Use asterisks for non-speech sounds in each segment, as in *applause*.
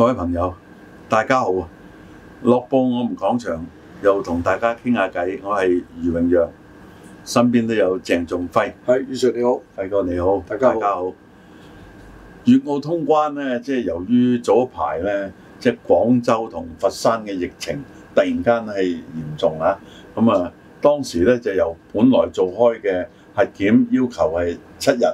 各位朋友，大家好啊！樂報我們講場，又同大家傾下偈。我係余永揚，身邊都有鄭仲輝。係、哎、余 Sir 你好，輝哥你好，大家好。粵澳通關呢，即係由於早一排呢，即係廣州同佛山嘅疫情突然間係嚴重啊！咁啊，當時呢，就由本來做開嘅核檢要求係七日，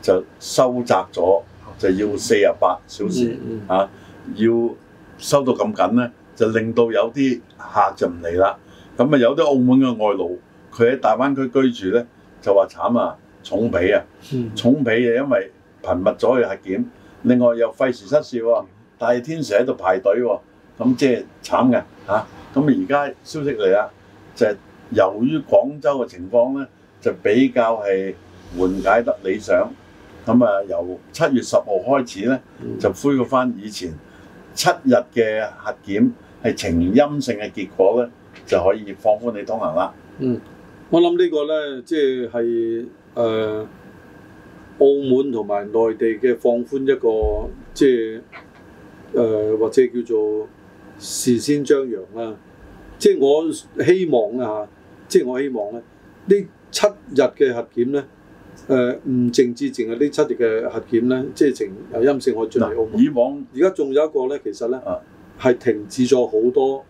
就收窄咗，就要四十八小時嗯嗯啊！要收到咁緊呢，就令到有啲客就唔嚟啦。咁啊，有啲澳門嘅外勞，佢喺大灣區居住呢，就話慘啊，重皮啊，嗯、重皮啊，因為頻密咗去核檢，另外又費時失事喎、啊，大天時喺度排隊喎、啊，咁即係慘嘅、啊、嚇。咁而家消息嚟啦，就係、由於廣州嘅情況呢，就比較係緩解得理想，咁啊，由七月十號開始呢，就恢復翻以前。嗯嗯七日嘅核檢係呈陰性嘅結果咧，就可以放寬你通行啦。嗯，我諗呢個咧，即係誒澳門同埋內地嘅放寬一個，即係誒或者叫做事先張揚啦。即係我希望啊，即係我希望咧，呢七日嘅核檢咧。誒唔淨止淨係呢七日嘅核檢咧，即係淨有陰性可以進嚟澳門。啊、以往而家仲有一個咧，其實咧係、啊、停止咗好多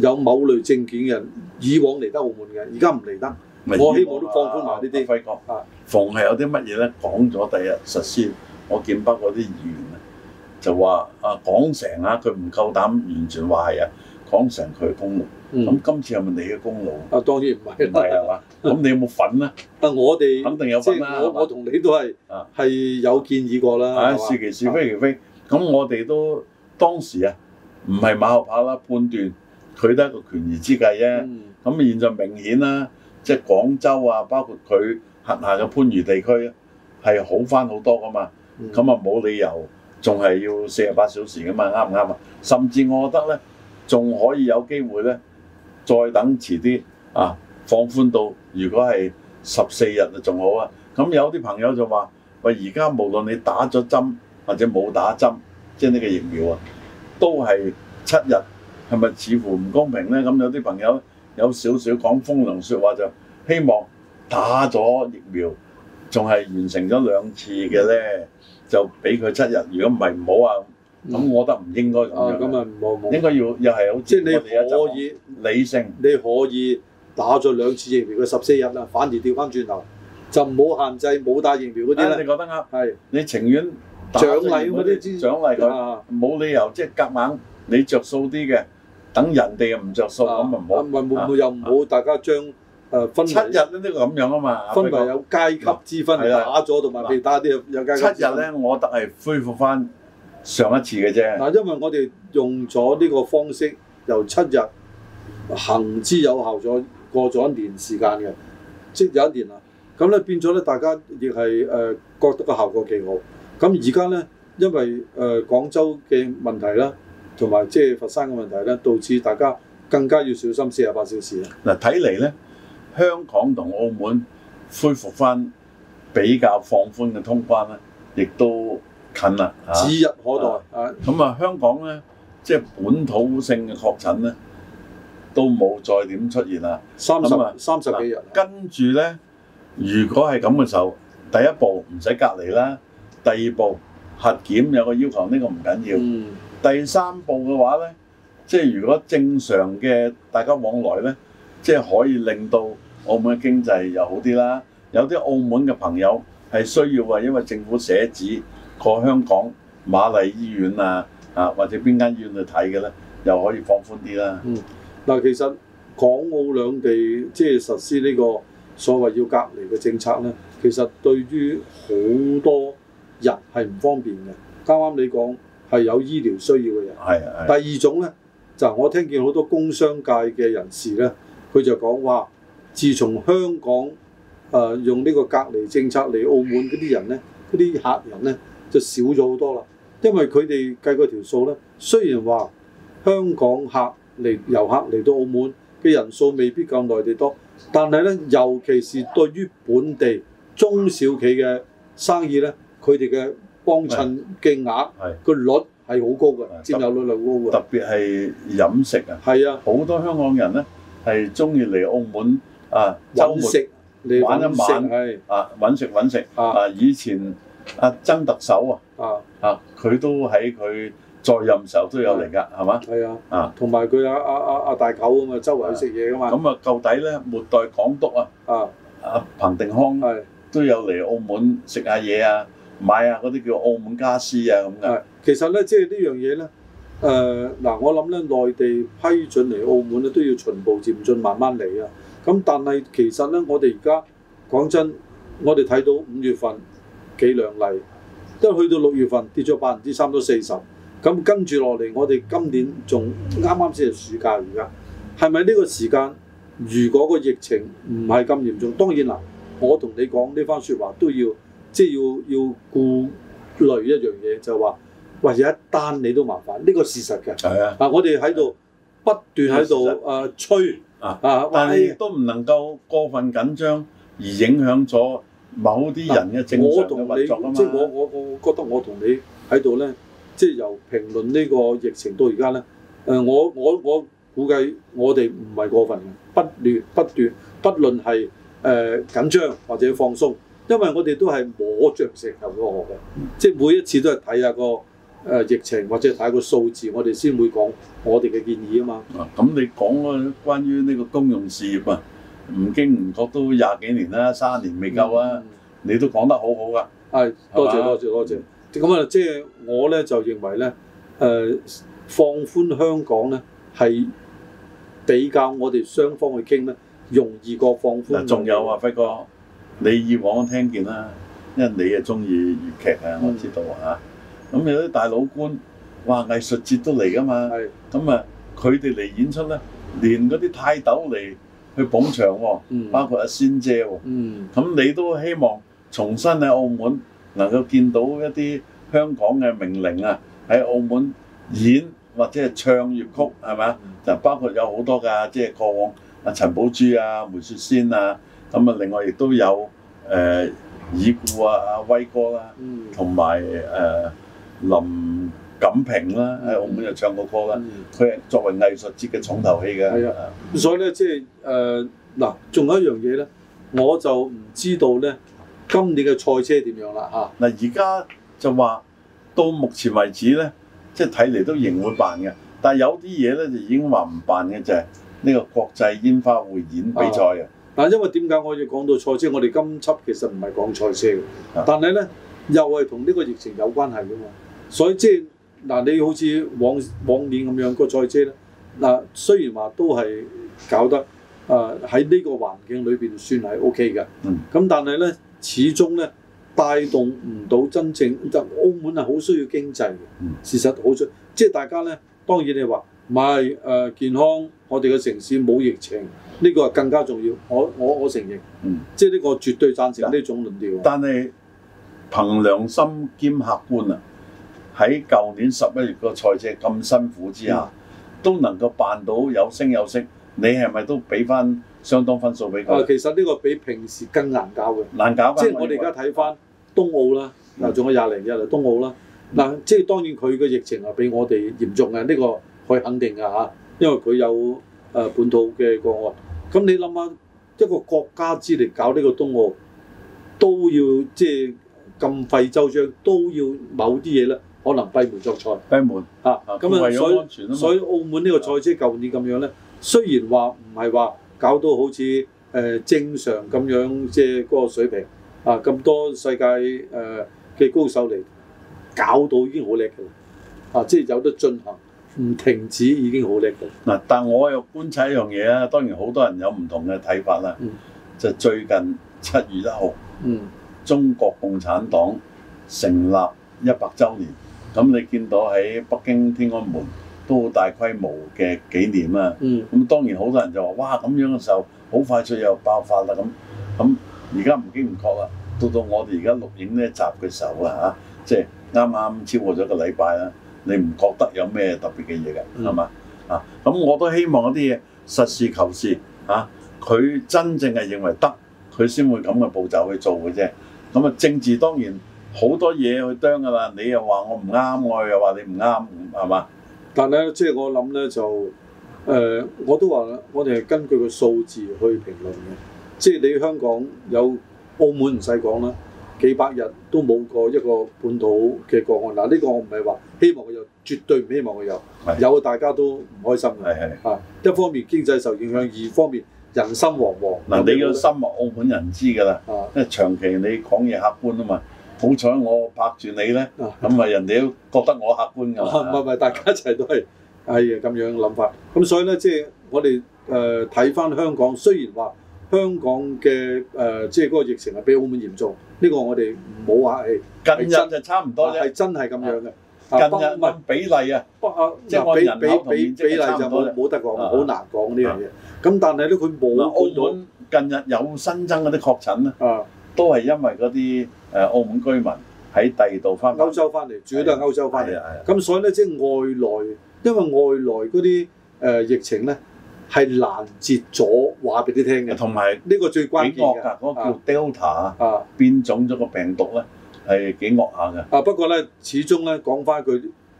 有某類證件嘅人以往嚟得澳門嘅，而家唔嚟得、嗯。我希望都放寬埋呢啲。防、啊、疫啊，啊，逢係有啲乜嘢咧講咗第一實施，我見不過啲議員說啊，就話啊講成啊，佢唔夠膽完全話係啊。講成佢嘅功勞，咁、嗯、今次係咪你嘅功勞？啊當然唔係，唔係啊嘛。咁你有冇份咧？啊我哋肯定有份啦、啊就是。我我同你都係係、啊、有建議過啦。啊是，是其是非其非。咁我哋都當時啊，唔係馬後炮啦，判斷佢得一個權宜之計啫。咁、嗯、現在明顯啦、啊，即係廣州啊，包括佢轄下嘅番禺地區係好翻好多噶嘛。咁啊冇理由仲係要四十八小時噶嘛？啱唔啱啊？甚至我覺得咧。仲可以有機會呢，再等遲啲啊，放寬到如果係十四日啊，仲好啊。咁有啲朋友就話：「喂，而家無論你打咗針或者冇打針，即係呢個疫苗啊，都係七日，係咪似乎唔公平呢？」咁有啲朋友有少少講風涼説話就，就希望打咗疫苗，仲係完成咗兩次嘅呢，就俾佢七日。如果唔係唔好啊。咁、嗯、我覺得唔應該咁樣，啊嗯嗯嗯，應該要又係好，即係你可以理性，你可以打咗兩次疫苗十四日啦，反而調翻轉頭就唔好限制冇打疫苗嗰啲咧。你覺得啱？係你情願獎勵嗰啲資獎勵佢，冇、啊啊、理由即係夾硬你着數啲嘅，等人哋、啊啊啊、又唔着數，咁咪唔好。會唔會又唔好，大家將誒分七、啊、日呢、這個咁樣啊嘛，分為有階級之分嚟啦，打咗同埋未打啲有有階級之分七日咧，我覺得係恢復翻，上一次嘅啫，嗱，因為我哋用咗呢個方式，由七日行之有效咗，過咗一年時間嘅，即係有一年啦。咁咧變咗咧，大家亦係誒覺得個效果幾好。咁而家咧，因為誒廣州嘅問題啦，同埋即係佛山嘅問題咧，導致大家更加要小心四十八小時啊。嗱，睇嚟咧，香港同澳門恢復翻比較放寬嘅通關咧，亦都。近啦，指日可待啊！咁啊，香港咧，即係本土性嘅確診咧，都冇再點出現啦。三十、三十幾日。跟住咧，如果係咁嘅時候，第一步唔使隔離啦，第二步核檢有個要求，呢個唔緊要。嗯。第三步嘅話咧，即係如果正常嘅大家往來咧，即係可以令到澳門嘅經濟又好啲啦。有啲澳門嘅朋友係需要話，因為政府寫紙。過香港瑪麗醫院啊，啊或者邊間醫院去睇嘅咧，又可以放寬啲啦。嗯，嗱，其實港澳兩地即係、就是、實施呢個所謂要隔離嘅政策咧，其實對於好多人係唔方便嘅。啱啱你講係有醫療需要嘅人。係啊係。第二種咧，就我聽見好多工商界嘅人士咧，佢就講話，自從香港誒、呃、用呢個隔離政策嚟澳門嗰啲人咧，嗰 *laughs* 啲客人咧。就少咗好多啦，因為佢哋計過條數咧。雖然話香港客嚟、遊客嚟到澳門嘅人數未必夠內地多，但係咧，尤其是對於本地中小企嘅生意咧，佢哋嘅幫襯嘅額個率係好高嘅，佔有率係高嘅。特別係飲食啊，係啊，好多香港人咧係中意嚟澳門啊，飲食，嚟玩一晚係啊，揾食揾食啊，以前。阿曾特首啊，啊啊，佢都喺佢在任時候都有嚟噶，係嘛、啊？係啊，啊，同埋佢阿阿阿阿大舅咁啊，啊周圍去食嘢噶嘛。咁啊，到底咧，末代港督啊，啊，阿、啊、彭定康、啊、都有嚟澳門食下嘢啊，買下嗰啲叫澳門家私啊咁嘅。係、啊，其實咧，即、就、係、是、呢樣嘢咧，誒、呃、嗱，我諗咧，內地批准嚟澳門咧，都要循步漸進，慢慢嚟啊。咁但係其實咧，我哋而家講真，我哋睇到五月份。幾兩例，因為都去到六月份跌咗百分之三都四十，咁跟住落嚟，我哋今年仲啱啱先係暑假，而家係咪呢個時間？如果個疫情唔係咁嚴重，當然啦，我同你講呢番説話都要，即係要要顧慮一樣嘢，就係話，或者一單你都麻煩，呢個事實嘅。係啊。嗱、啊，我哋喺度不斷喺度誒吹，啊，但係亦都唔能夠過分緊張而影響咗。某啲人嘅正常嘅運作啊嘛，我同你，即係我我我覺得我同你喺度咧，即係由評論呢個疫情到而家咧，誒我我我估計我哋唔係過分嘅，不亂不斷，不論係誒、呃、緊張或者放鬆，因為我哋都係摸着石頭過河嘅，即係每一次都係睇下個誒、呃、疫情或者睇個數字，我哋先會講我哋嘅建議啊嘛。咁、啊、你講啊關於呢個金融事業啊？唔經唔覺都廿幾年啦，三年未夠啊、嗯！你都講得很好好噶，係多謝多謝多謝。咁啊，即係我咧就認為咧，誒、呃、放寬香港咧係比較我哋雙方去傾咧，容易過放寬。仲有啊，輝哥，你以往我聽見啦，因為你啊中意粵劇啊，我知道啊。咁、嗯、有啲大老倌，哇藝術節都嚟噶嘛，咁啊佢哋嚟演出咧，連嗰啲泰斗嚟。去捧場喎，包括阿仙姐喎，咁你都希望重新喺澳門能夠見到一啲香港嘅名伶啊，喺澳門演或者係唱粵曲係咪？就包括有好多㗎，即係過往阿陳寶珠啊、梅雪仙啊，咁啊，另外亦都有誒已故啊阿威哥啦，同埋誒林錦平啦，喺澳門又唱過歌啦，佢、嗯、係作為藝術節嘅重頭戲嘅。係啊，所以咧、就是，即係誒嗱，仲有一樣嘢咧，我就唔知道咧，今年嘅賽車點樣啦？啊嗱，而家就話到目前為止咧，即係睇嚟都仍會辦嘅，但係有啲嘢咧就已經話唔辦嘅就係、是、呢個國際煙花匯演比賽是啊。但係因為點解我要講到賽車？我哋今輯其實唔係講賽車嘅、啊，但係咧又係同呢個疫情有關係嘅嘛，所以即、就、係、是。嗱，你好似往往年咁樣個賽車咧，嗱，雖然話都係搞得啊，喺呢個環境裏邊算係 O K 嘅。咁、嗯、但係咧，始終咧帶動唔到真正，即係澳門係好需要經濟嘅、嗯、事實好出，即係大家咧，當然你話唔係誒健康，我哋嘅城市冇疫情呢、呢個係更加重要，我我我承認，嗯、即係呢個絕對贊成呢種論調，但係憑良心兼客觀啊！嗯喺舊年十一月個賽事咁辛苦之下，嗯、都能夠辦到有聲有色，你係咪都俾翻相當分數俾佢？啊，其實呢個比平時更難搞嘅，難搞。即、就、係、是、我哋而家睇翻東奧啦，嗱、嗯、仲有廿零日嚟東奧啦，嗱即係當然佢嘅疫情係比我哋嚴重嘅，呢、這個可以肯定㗎吓，因為佢有誒本土嘅個案。咁你諗下一個國家之力搞呢個東奧，都要即係咁費周章，都要某啲嘢啦。可能閉門作賽，閉門嚇，咁啊，為咗安全，所以澳門呢個賽車舊年咁樣咧，雖然話唔係話搞到好似誒、呃、正常咁樣，即係嗰個水平啊，咁多世界誒嘅、呃、高手嚟搞到已經好叻嘅，啊，即係有得進行，唔停止已經好叻嘅。嗱，但我又觀察一樣嘢啦，當然好多人有唔同嘅睇法啦、嗯，就最近七月一號、嗯，中國共產黨成立一百週年。咁你見到喺北京天安門都好大規模嘅紀念啊，咁、嗯、當然好多人就話：哇，咁樣嘅時候好快速又爆發喇。咁而家唔經唔覺啦，到到我哋而家錄影呢一集嘅時候啊，即係啱啱超過咗個禮拜啦，你唔覺得有咩特別嘅嘢嘅係嘛？啊，咁我都希望一啲嘢實事求是嚇，佢、啊、真正係認為得，佢先會咁嘅步驟去做嘅啫。咁啊，政治當然。好多嘢去啄㗎啦！你又話我唔啱，我又話你唔啱，係嘛？但係咧，即係我諗咧就誒、呃，我都話啦，我哋係根據個數字去評論嘅。即係你香港有澳門唔使講啦，幾百日都冇過一個本土嘅個案。嗱，呢個我唔係話希望佢有，絕對唔希望佢有。有大家都唔開心嘅。係係啊，一方面經濟受影響，二方面人心惶惶。嗱，你要深啊，澳門人知㗎啦。因為長期你講嘢客觀啊嘛。好彩我拍住你咧，咁 *laughs* 啊人哋都覺得我客觀㗎，唔係唔係，大家一齊都係係咁樣諗法。咁所以咧，即、就、係、是、我哋誒睇翻香港，雖然話香港嘅誒即係嗰個疫情係比澳門嚴重，呢、這個我哋唔好話係近日就差唔多啫，係真係咁、啊、樣嘅、啊啊。近日唔係比例啊，北下即係按人口同面積就冇冇得講，好、啊啊、難講呢樣嘢。咁、啊啊、但係咧，佢冇澳門近日有新增嗰啲確診咧、啊啊，都係因為嗰啲。誒，澳門居民喺第二度翻嚟歐洲翻嚟，主要都係歐洲翻嚟。咁所以咧，即係外來，因為外來嗰啲誒疫情咧，係攔截咗話俾你聽嘅。同埋呢個最關鍵嘅嗰個叫 Delta 變種咗個病毒咧，係幾惡下嘅。啊，不過咧，始終咧講翻句，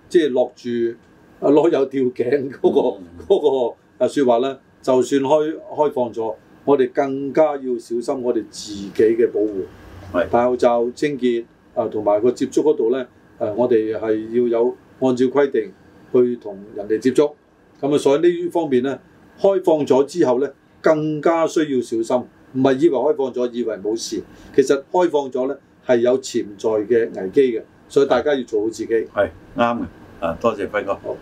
即係落住啊攞有吊頸嗰、那個嗰、嗯那個説話咧，就算開開放咗，我哋更加要小心我哋自己嘅保護。係戴口罩清潔啊，同埋、呃、個接觸嗰度咧，誒、呃，我哋係要有按照規定去同人哋接觸。咁啊，所以呢方面咧，開放咗之後咧，更加需要小心。唔係以為開放咗以為冇事，其實開放咗咧係有潛在嘅危機嘅，所以大家要做好自己。係啱嘅。啊，多謝輝哥。好。